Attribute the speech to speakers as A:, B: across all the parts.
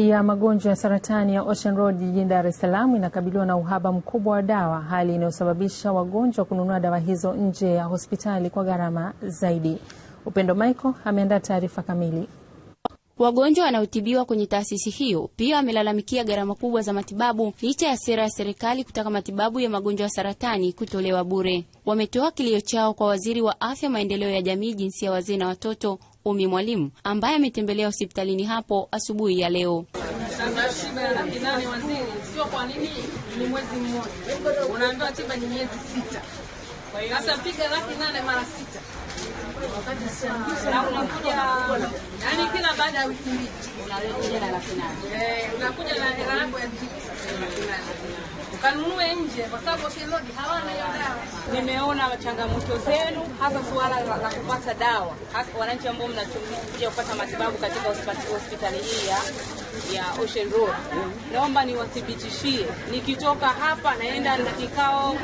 A: ya magonjwa ya saratani ya Ocean Road jijini Dar es Salaam inakabiliwa na uhaba mkubwa wa dawa, hali inayosababisha wagonjwa kununua dawa hizo nje ya hospitali kwa gharama zaidi. Upendo Michael ameandaa taarifa kamili.
B: Wagonjwa wanaotibiwa kwenye taasisi hiyo pia wamelalamikia gharama kubwa za matibabu licha ya sera ya serikali kutaka matibabu ya magonjwa ya saratani kutolewa bure. Wametoa kilio chao kwa waziri wa afya, maendeleo ya jamii, jinsia, wazee na watoto Umi Mwalimu ambaye ametembelea hospitalini hapo asubuhi ya leo
C: kanunue nje, kwa sababu Shilodi hawana hiyo dawa. Nimeona changamoto zenu, hasa suala la kupata dawa, hasa wananchi ambao mnatumia kupata matibabu katika hospitali hii ya ya Ocean Road. Naomba niwathibitishie, nikitoka hapa naenda na kikao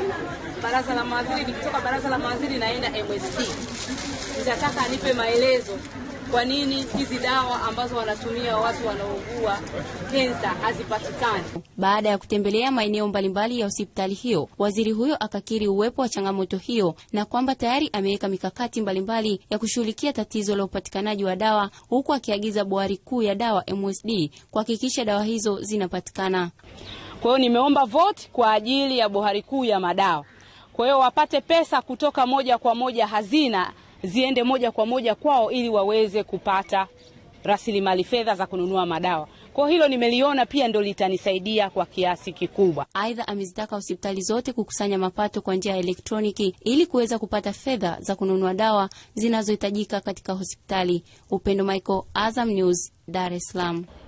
C: baraza la mawaziri, nikitoka baraza la mawaziri naenda MST, nitataka nipe maelezo kwa nini hizi dawa ambazo wanatumia watu wanaougua kensa hazipatikani.
B: Baada ya kutembelea maeneo mbalimbali ya hospitali hiyo, waziri huyo akakiri uwepo wa changamoto hiyo na kwamba tayari ameweka mikakati mbalimbali ya kushughulikia tatizo la upatikanaji wa dawa, huku akiagiza bohari kuu ya dawa MSD kuhakikisha dawa hizo zinapatikana.
D: Kwa hiyo nimeomba vote kwa ajili ya bohari kuu ya madawa, kwa hiyo wapate pesa kutoka moja kwa moja hazina ziende moja kwa moja kwao ili waweze kupata rasilimali fedha za kununua madawa. Kwa hilo nimeliona pia ndo litanisaidia kwa kiasi kikubwa.
B: Aidha, amezitaka hospitali zote kukusanya mapato kwa njia ya elektroniki ili kuweza kupata fedha za kununua dawa zinazohitajika katika hospitali. Upendo Michael, Azam News, Dar es Salaam.